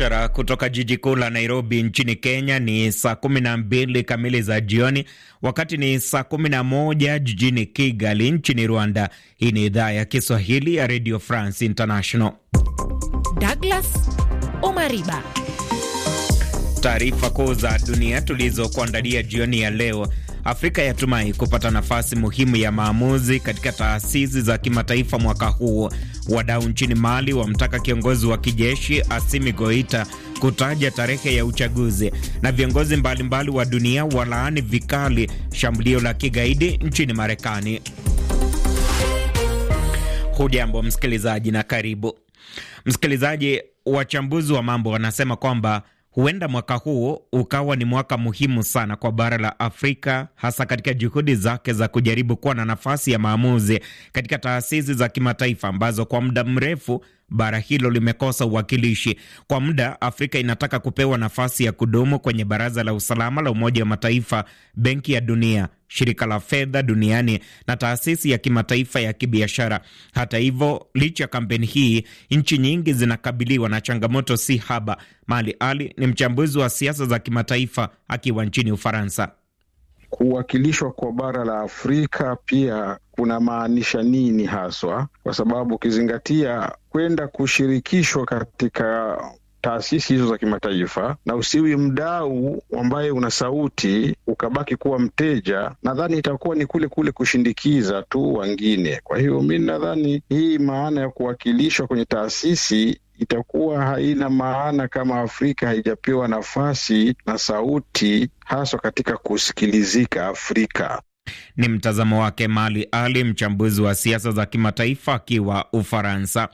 mubashara kutoka jiji kuu la Nairobi nchini Kenya. Ni saa kumi na mbili kamili za jioni, wakati ni saa kumi na moja jijini Kigali nchini Rwanda. Hii ni idhaa ya Kiswahili ya Radio France International. Douglas Omariba, taarifa kuu za dunia tulizokuandalia jioni ya leo Afrika yatumai kupata nafasi muhimu ya maamuzi katika taasisi za kimataifa mwaka huu. Wadau nchini Mali wamtaka kiongozi wa kijeshi Asimi Goita kutaja tarehe ya uchaguzi, na viongozi mbalimbali wa dunia walaani vikali shambulio la kigaidi nchini Marekani. Hujambo msikilizaji na karibu msikilizaji. Wachambuzi wa mambo wanasema kwamba Huenda mwaka huu ukawa ni mwaka muhimu sana kwa bara la Afrika, hasa katika juhudi zake za kujaribu kuwa na nafasi ya maamuzi katika taasisi za kimataifa ambazo kwa muda mrefu bara hilo limekosa uwakilishi kwa muda. Afrika inataka kupewa nafasi ya kudumu kwenye Baraza la Usalama la Umoja wa Mataifa, Benki ya Dunia, Shirika la Fedha Duniani na Taasisi ya Kimataifa ya Kibiashara. Hata hivyo, licha ya kampeni hii, nchi nyingi zinakabiliwa na changamoto si haba. Mali Ali ni mchambuzi wa siasa za kimataifa akiwa nchini Ufaransa kuwakilishwa kwa bara la Afrika pia kunamaanisha nini haswa, kwa sababu ukizingatia kwenda kushirikishwa katika taasisi hizo za kimataifa na usiwi mdau ambaye una sauti ukabaki kuwa mteja, nadhani itakuwa ni kule kule kushindikiza tu wengine. Kwa hiyo mi nadhani hii maana ya kuwakilishwa kwenye taasisi itakuwa haina maana kama Afrika haijapewa nafasi na sauti, haswa katika kusikilizika Afrika. Ni mtazamo wake Mali Ali, mchambuzi wa siasa za kimataifa akiwa Ufaransa.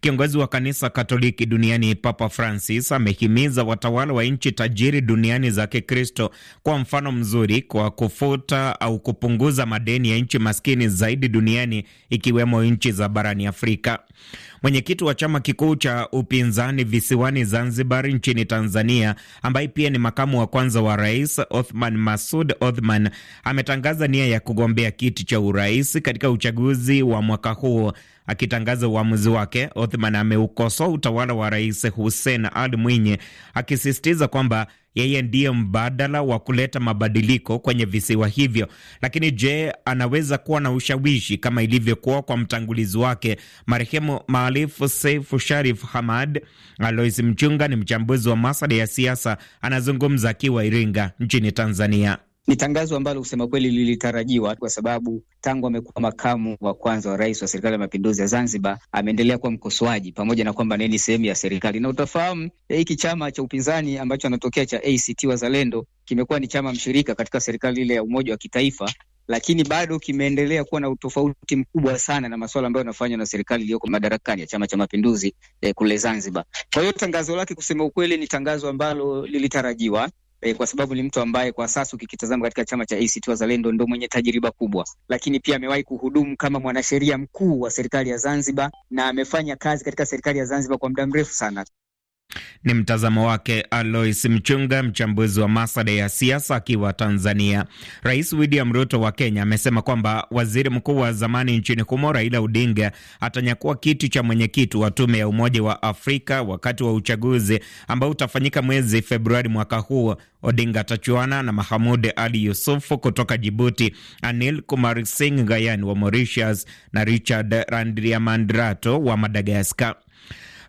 Kiongozi wa kanisa Katoliki duniani Papa Francis amehimiza watawala wa nchi tajiri duniani za Kikristo kwa mfano mzuri kwa kufuta au kupunguza madeni ya nchi maskini zaidi duniani ikiwemo nchi za barani Afrika. Mwenyekiti wa chama kikuu cha upinzani visiwani Zanzibar nchini Tanzania, ambaye pia ni makamu wa kwanza wa rais Othman Masud Othman ametangaza nia ya kugombea kiti cha urais katika uchaguzi wa mwaka huu. Akitangaza uamuzi wake, Othman ameukosoa utawala wa Rais Hussein Ali Mwinyi, akisisitiza kwamba yeye ndiye mbadala wa kuleta mabadiliko kwenye visiwa hivyo. Lakini je, anaweza kuwa na ushawishi kama ilivyokuwa kwa mtangulizi wake marehemu Maalifu Seif Sharif Hamad? Alois Mchunga ni mchambuzi wa masala ya siasa, anazungumza akiwa Iringa nchini Tanzania. Ni tangazo ambalo kusema kweli lilitarajiwa kwa sababu tangu amekuwa makamu wa kwanza wa rais wa serikali ya mapinduzi ya Zanzibar ameendelea kuwa mkosoaji, pamoja na kwamba ni sehemu ya serikali. Na utafahamu eh, hiki chama cha upinzani ambacho anatokea cha ACT Wazalendo kimekuwa ni chama mshirika katika serikali ile ya umoja wa kitaifa lakini bado kimeendelea kuwa na utofauti mkubwa sana na masuala ambayo yanafanywa na serikali iliyoko madarakani ya Chama cha Mapinduzi eh, kule Zanzibar. Kwa hiyo tangazo lake kusema ukweli ni tangazo ambalo lilitarajiwa, e, kwa sababu ni mtu ambaye kwa sasa ukikitazama katika chama cha ACT Wazalendo ndo mwenye tajriba kubwa, lakini pia amewahi kuhudumu kama mwanasheria mkuu wa serikali ya Zanzibar na amefanya kazi katika serikali ya Zanzibar kwa muda mrefu sana. Ni mtazamo wake Alois Mchunga, mchambuzi wa masada ya siasa akiwa Tanzania. Rais William Ruto wa Kenya amesema kwamba waziri mkuu wa zamani nchini humo Raila Odinga atanyakua kiti cha mwenyekiti wa tume ya Umoja wa Afrika wakati wa uchaguzi ambao utafanyika mwezi Februari mwaka huu. Odinga atachuana na Mahamud Ali Yusufu kutoka Jibuti, Anil kumarsing Gayan Gayani wa Mauritius na Richard Randriamandrato wa Madagaskar.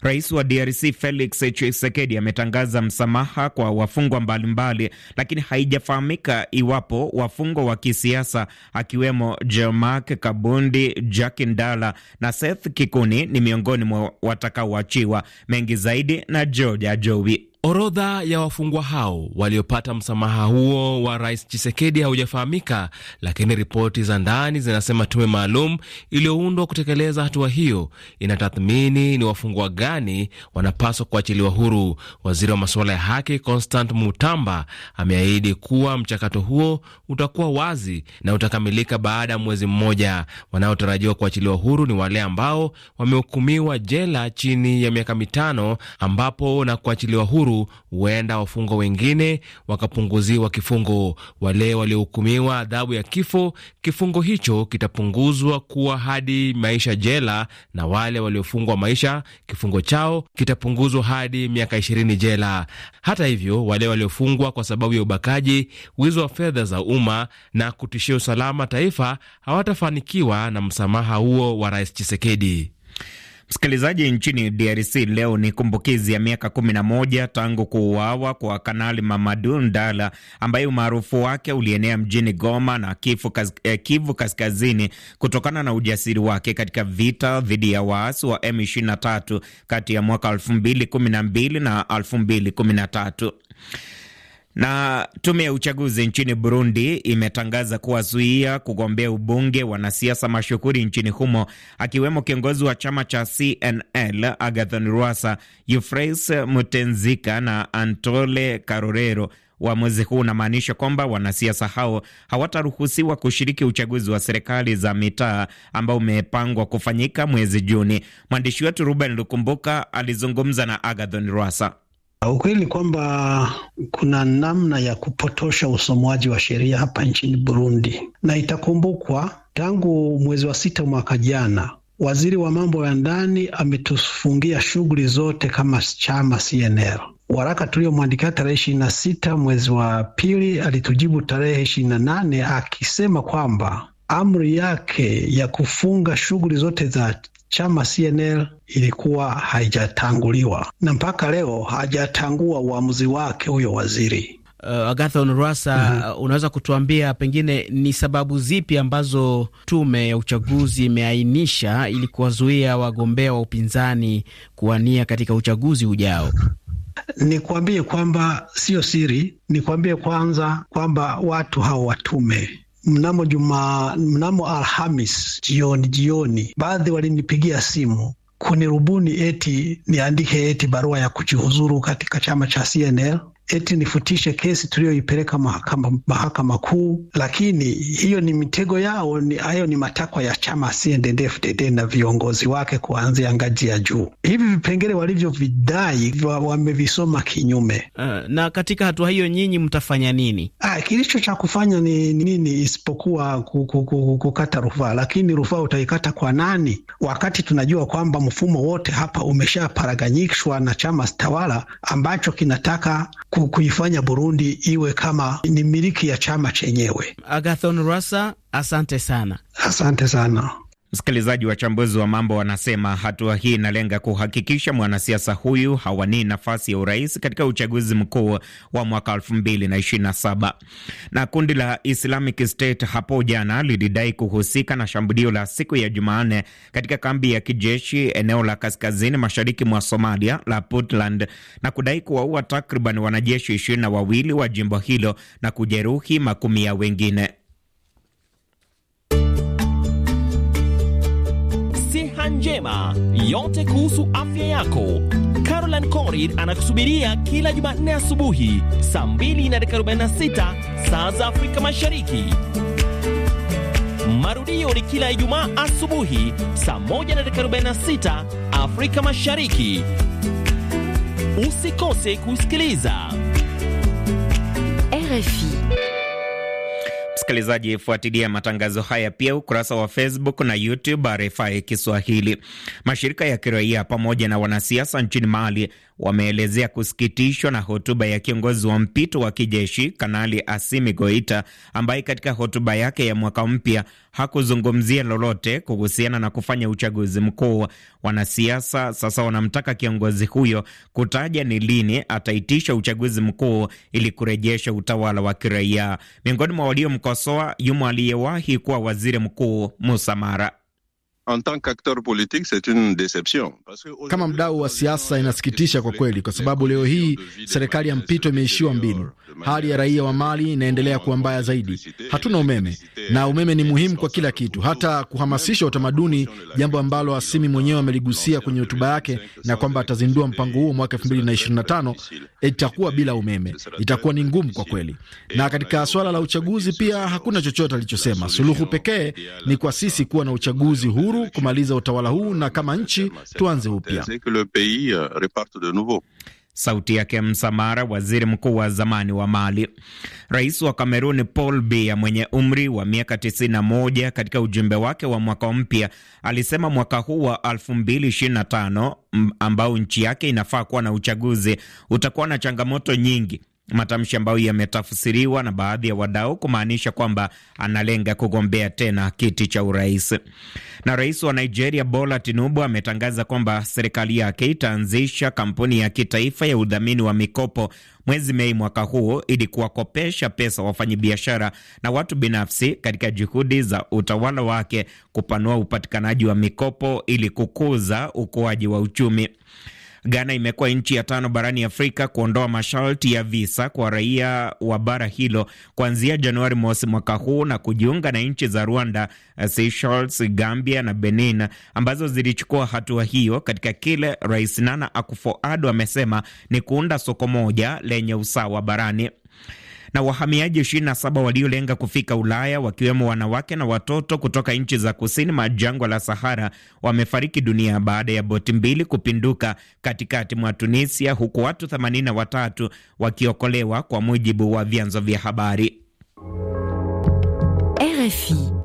Rais wa DRC Felix Tshisekedi ametangaza msamaha kwa wafungwa mbalimbali, lakini haijafahamika iwapo wafungwa wa kisiasa akiwemo Jean-Marc Kabundi, Jack Ndala na Seth Kikuni ni miongoni mwa watakaoachiwa. Mengi zaidi na George Ajowi. Orodha ya wafungwa hao waliopata msamaha huo wa rais Chisekedi haujafahamika, lakini ripoti za ndani zinasema tume maalum iliyoundwa kutekeleza hatua hiyo inatathmini ni wafungwa gani wanapaswa kuachiliwa huru. Waziri wa masuala ya haki Constant Mutamba ameahidi kuwa mchakato huo utakuwa wazi na utakamilika baada ya mwezi mmoja. Wanaotarajiwa kuachiliwa huru ni wale ambao wamehukumiwa jela chini ya miaka mitano ambapo na kuachiliwa huru huenda wafungwa wengine wakapunguziwa kifungo. Wale waliohukumiwa adhabu ya kifo, kifungo hicho kitapunguzwa kuwa hadi maisha jela, na wale waliofungwa maisha, kifungo chao kitapunguzwa hadi miaka ishirini jela. Hata hivyo, wale waliofungwa kwa sababu ya ubakaji, wizi wa fedha za umma na kutishia usalama taifa hawatafanikiwa na msamaha huo wa Rais Chisekedi. Msikilizaji, nchini DRC leo ni kumbukizi ya miaka kumi na moja tangu kuuawa kwa Kanali Mamadu Ndala ambaye umaarufu wake ulienea mjini Goma na Kivu, kaz, eh, Kivu Kaskazini kutokana na ujasiri wake katika vita dhidi ya waasi wa M23 kati ya mwaka 2012 na 2013. Na tume ya uchaguzi nchini Burundi imetangaza kuwazuia kugombea ubunge wanasiasa mashuhuri nchini humo akiwemo kiongozi wa chama cha CNL Agathon Rwasa, Euphraise Mutenzika na Antole Karorero. Uamuzi huu unamaanisha kwamba wanasiasa hao hawataruhusiwa kushiriki uchaguzi wa serikali za mitaa ambao umepangwa kufanyika mwezi Juni. Mwandishi wetu Ruben Lukumbuka alizungumza na Agathon Rwasa. Uh, ukweli ni kwamba kuna namna ya kupotosha usomwaji wa sheria hapa nchini Burundi, na itakumbukwa tangu mwezi wa sita mwaka jana waziri wa mambo ya ndani ametufungia shughuli zote kama chama CNL. Waraka tuliyomwandikia tarehe ishirini na sita mwezi wa pili alitujibu tarehe ishirini na nane akisema kwamba amri yake ya kufunga shughuli zote za chama CNL ilikuwa haijatanguliwa na mpaka leo hajatangua uamuzi wake huyo waziri. Uh, Agatha Onurwasa, mm -hmm. Uh, unaweza kutuambia pengine ni sababu zipi ambazo tume ya uchaguzi imeainisha ili kuwazuia wagombea wa upinzani kuwania katika uchaguzi ujao? nikuambie kwamba sio siri, nikuambie kwanza kwamba watu hao watume mnamo juma, mnamo Alhamis jioni jioni, baadhi walinipigia simu kunirubuni eti niandike eti barua ya kujihuzuru katika chama cha CNL eti nifutishe kesi tuliyoipeleka mahakama kuu, lakini hiyo ni mitego yao. Ni hayo ni matakwa ya chama CNDD-FDD na viongozi wake kuanzia ngazi ya juu. Hivi vipengele walivyovidai wamevisoma kinyume. Uh, na katika hatua hiyo nyinyi mtafanya nini? Ah, kilicho cha kufanya ni nini isipokuwa kukata rufaa, lakini rufaa utaikata kwa nani wakati tunajua kwamba mfumo wote hapa umeshaparaganyishwa na chama tawala ambacho kinataka kuifanya Burundi iwe kama ni miliki ya chama chenyewe. Agathon Rasa, asante sana. Asante sana. Msikilizaji, wachambuzi wa mambo wanasema hatua hii inalenga kuhakikisha mwanasiasa huyu hawanii nafasi ya urais katika uchaguzi mkuu wa mwaka 2027. Na kundi la Islamic State hapo jana lilidai kuhusika na shambulio la siku ya Jumanne katika kambi ya kijeshi eneo la kaskazini mashariki mwa Somalia la Puntland na kudai kuwaua takriban wanajeshi ishirini na wawili wa jimbo hilo na kujeruhi makumi ya wengine. Njema, yote kuhusu afya yako. Caroline Corid anakusubiria kila Jumanne asubuhi saa 246 saa za Afrika Mashariki. Marudio ni kila Ijumaa asubuhi saa 146 Afrika Mashariki. Usikose kusikiliza RFI. Msikilizaji, fuatilia matangazo haya pia ukurasa wa Facebook na YouTube RFI Kiswahili. Mashirika ya kiraia pamoja na wanasiasa nchini Mali wameelezea kusikitishwa na hotuba ya kiongozi wa mpito wa kijeshi Kanali Asimi Goita ambaye katika hotuba yake ya mwaka mpya hakuzungumzia lolote kuhusiana na kufanya uchaguzi mkuu. Wanasiasa sasa wanamtaka kiongozi huyo kutaja ni lini ataitisha uchaguzi mkuu ili kurejesha utawala wa kiraia. Miongoni mwa waliomkosoa yumo aliyewahi kuwa waziri mkuu Musa Mara. Kama mdau wa siasa, inasikitisha kwa kweli, kwa sababu leo hii serikali ya mpito imeishiwa mbinu. Hali ya raia wa Mali inaendelea kuwa mbaya zaidi. Hatuna umeme, na umeme ni muhimu kwa kila kitu, hata kuhamasisha utamaduni, jambo ambalo Asimi mwenyewe ameligusia kwenye hotuba yake, na kwamba atazindua mpango huo mwaka 2025. Itakuwa bila umeme, itakuwa ni ngumu kwa kweli. Na katika swala la uchaguzi pia hakuna chochote alichosema. Suluhu pekee ni kwa sisi kuwa na uchaguzi huru uhuru, kumaliza utawala huu na kama nchi tuanze upya. Sauti yake Msamara, waziri mkuu wa zamani wa Mali. Rais wa Kameruni Paul Biya mwenye umri wa miaka 91 katika ujumbe wake wa mwaka mpya alisema mwaka huu wa 2025 ambao nchi yake inafaa kuwa na uchaguzi utakuwa na changamoto nyingi, matamshi ambayo yametafsiriwa na baadhi ya wadau kumaanisha kwamba analenga kugombea tena kiti cha urais. Na rais wa Nigeria Bola Tinubu ametangaza kwamba serikali yake itaanzisha kampuni ya kitaifa ya udhamini wa mikopo mwezi Mei mwaka huu ili kuwakopesha pesa wafanyabiashara na watu binafsi katika juhudi za utawala wake kupanua upatikanaji wa mikopo ili kukuza ukuaji wa uchumi. Ghana imekuwa nchi ya tano barani Afrika kuondoa masharti ya visa kwa raia wa bara hilo kuanzia Januari mosi mwaka huu na kujiunga na nchi za Rwanda, eh, Seychelles, Gambia na Benin ambazo zilichukua hatua hiyo katika kile Rais Nana Akufo-Addo amesema ni kuunda soko moja lenye usawa barani na wahamiaji 27 waliolenga kufika Ulaya, wakiwemo wanawake na watoto kutoka nchi za kusini mwa jangwa la Sahara wamefariki dunia baada ya boti mbili kupinduka katikati mwa Tunisia, huku watu 83 wakiokolewa, kwa mujibu wa vyanzo vya habari RFI.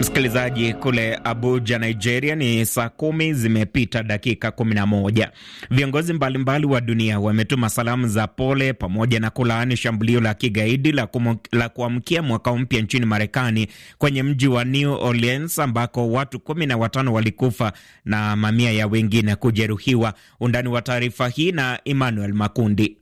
Msikilizaji kule Abuja, Nigeria, ni saa kumi zimepita dakika kumi na moja. Viongozi mbalimbali wa dunia wametuma salamu za pole pamoja na kulaani shambulio la kigaidi la, la kuamkia mwaka mpya nchini Marekani kwenye mji wa New Orleans ambako watu kumi na watano walikufa na mamia ya wengine kujeruhiwa. Undani wa taarifa hii na Emmanuel Makundi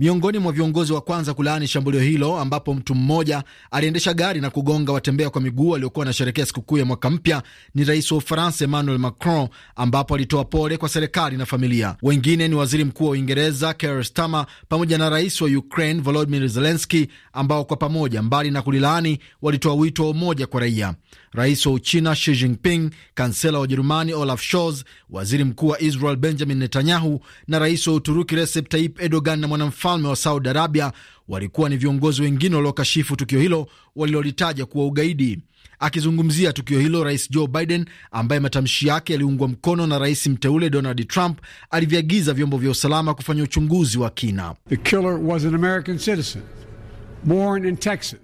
miongoni mwa viongozi wa kwanza kulaani shambulio hilo, ambapo mtu mmoja aliendesha gari na kugonga watembea kwa miguu waliokuwa wanasherekea sikukuu ya mwaka mpya ni rais wa Ufaransa Emmanuel Macron, ambapo alitoa pole kwa serikali na familia. Wengine ni waziri mkuu wa Uingereza Keir Starmer pamoja na rais wa Ukraine volodimir zelenski ambao kwa pamoja, mbali na kulilaani, walitoa wito wa umoja kwa raia rais wa Uchina Xi Jinping, kansela wa Ujerumani Olaf Scholz, waziri mkuu wa Israel Benjamin Netanyahu na rais wa Uturuki Recep Tayyip Erdogan na mwanamfalme wa Saudi Arabia walikuwa ni viongozi wengine waliokashifu tukio hilo walilolitaja kuwa ugaidi. Akizungumzia tukio hilo, rais Joe Biden ambaye matamshi yake yaliungwa mkono na rais mteule Donald Trump aliviagiza vyombo vya usalama kufanya uchunguzi wa kina. The killer was an American citizen born in Texas.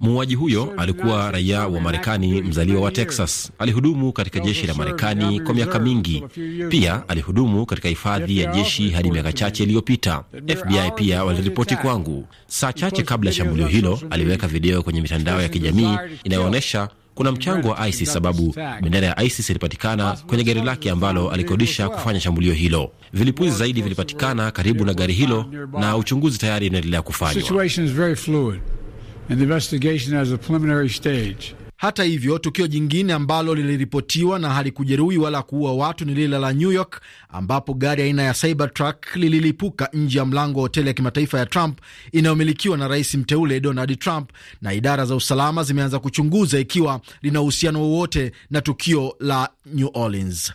Muuaji huyo alikuwa raia wa Marekani, mzaliwa wa Texas. Alihudumu katika jeshi la Marekani kwa miaka mingi, pia alihudumu katika hifadhi ya jeshi hadi miaka chache iliyopita. FBI pia waliripoti kwangu. Saa chache kabla ya shambulio hilo, aliweka video kwenye mitandao ya kijamii inayoonyesha kuna mchango wa ISIS sababu bendera ya ISIS ilipatikana kwenye gari lake ambalo alikodisha kufanya shambulio hilo. Vilipuzi zaidi vilipatikana karibu na gari hilo, na uchunguzi tayari unaendelea kufanywa and the investigation has a preliminary stage. Hata hivyo tukio jingine ambalo liliripotiwa na halikujeruhi wala kuua watu ni lile la New York ambapo gari aina ya Cybertruck lililipuka nje ya mlango wa hoteli ya kimataifa ya Trump inayomilikiwa na rais mteule Donald Trump, na idara za usalama zimeanza kuchunguza ikiwa lina uhusiano wowote na tukio la New Orleans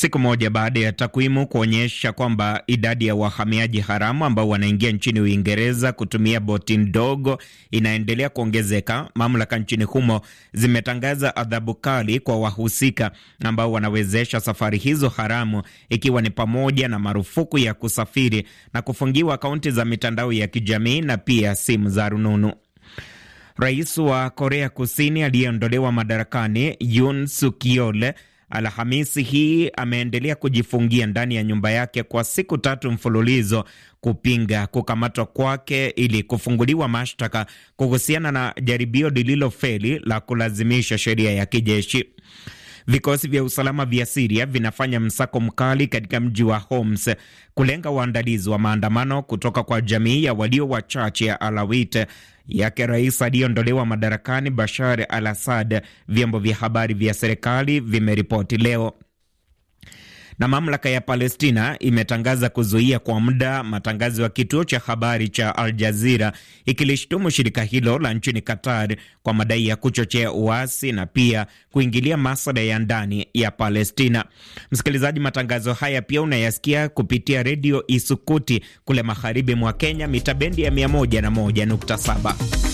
siku moja baada ya takwimu kuonyesha kwamba idadi ya wahamiaji haramu ambao wanaingia nchini Uingereza kutumia boti ndogo inaendelea kuongezeka, mamlaka nchini humo zimetangaza adhabu kali kwa wahusika ambao wanawezesha safari hizo haramu, ikiwa ni pamoja na marufuku ya kusafiri na kufungiwa akaunti za mitandao ya kijamii na pia simu za rununu. Rais wa Korea Kusini aliyeondolewa madarakani Yoon Suk Yeol Alhamisi hii ameendelea kujifungia ndani ya nyumba yake kwa siku tatu mfululizo kupinga kukamatwa kwake ili kufunguliwa mashtaka kuhusiana na jaribio lililofeli la kulazimisha sheria ya kijeshi. Vikosi vya usalama vya Siria vinafanya msako mkali katika mji wa Homs kulenga uandalizi wa maandamano kutoka kwa jamii ya walio wachache ya Alawit yake rais aliyeondolewa madarakani Bashar al Assad, vyombo vya habari vya serikali vimeripoti leo. Na mamlaka ya Palestina imetangaza kuzuia kwa muda matangazo ya kituo cha habari cha Al Jazeera, ikilishtumu shirika hilo la nchini Qatar kwa madai ya kuchochea uasi na pia kuingilia masuala ya ndani ya Palestina. Msikilizaji, matangazo haya pia unayasikia kupitia redio Isukuti kule magharibi mwa Kenya, mita bendi ya 101.7.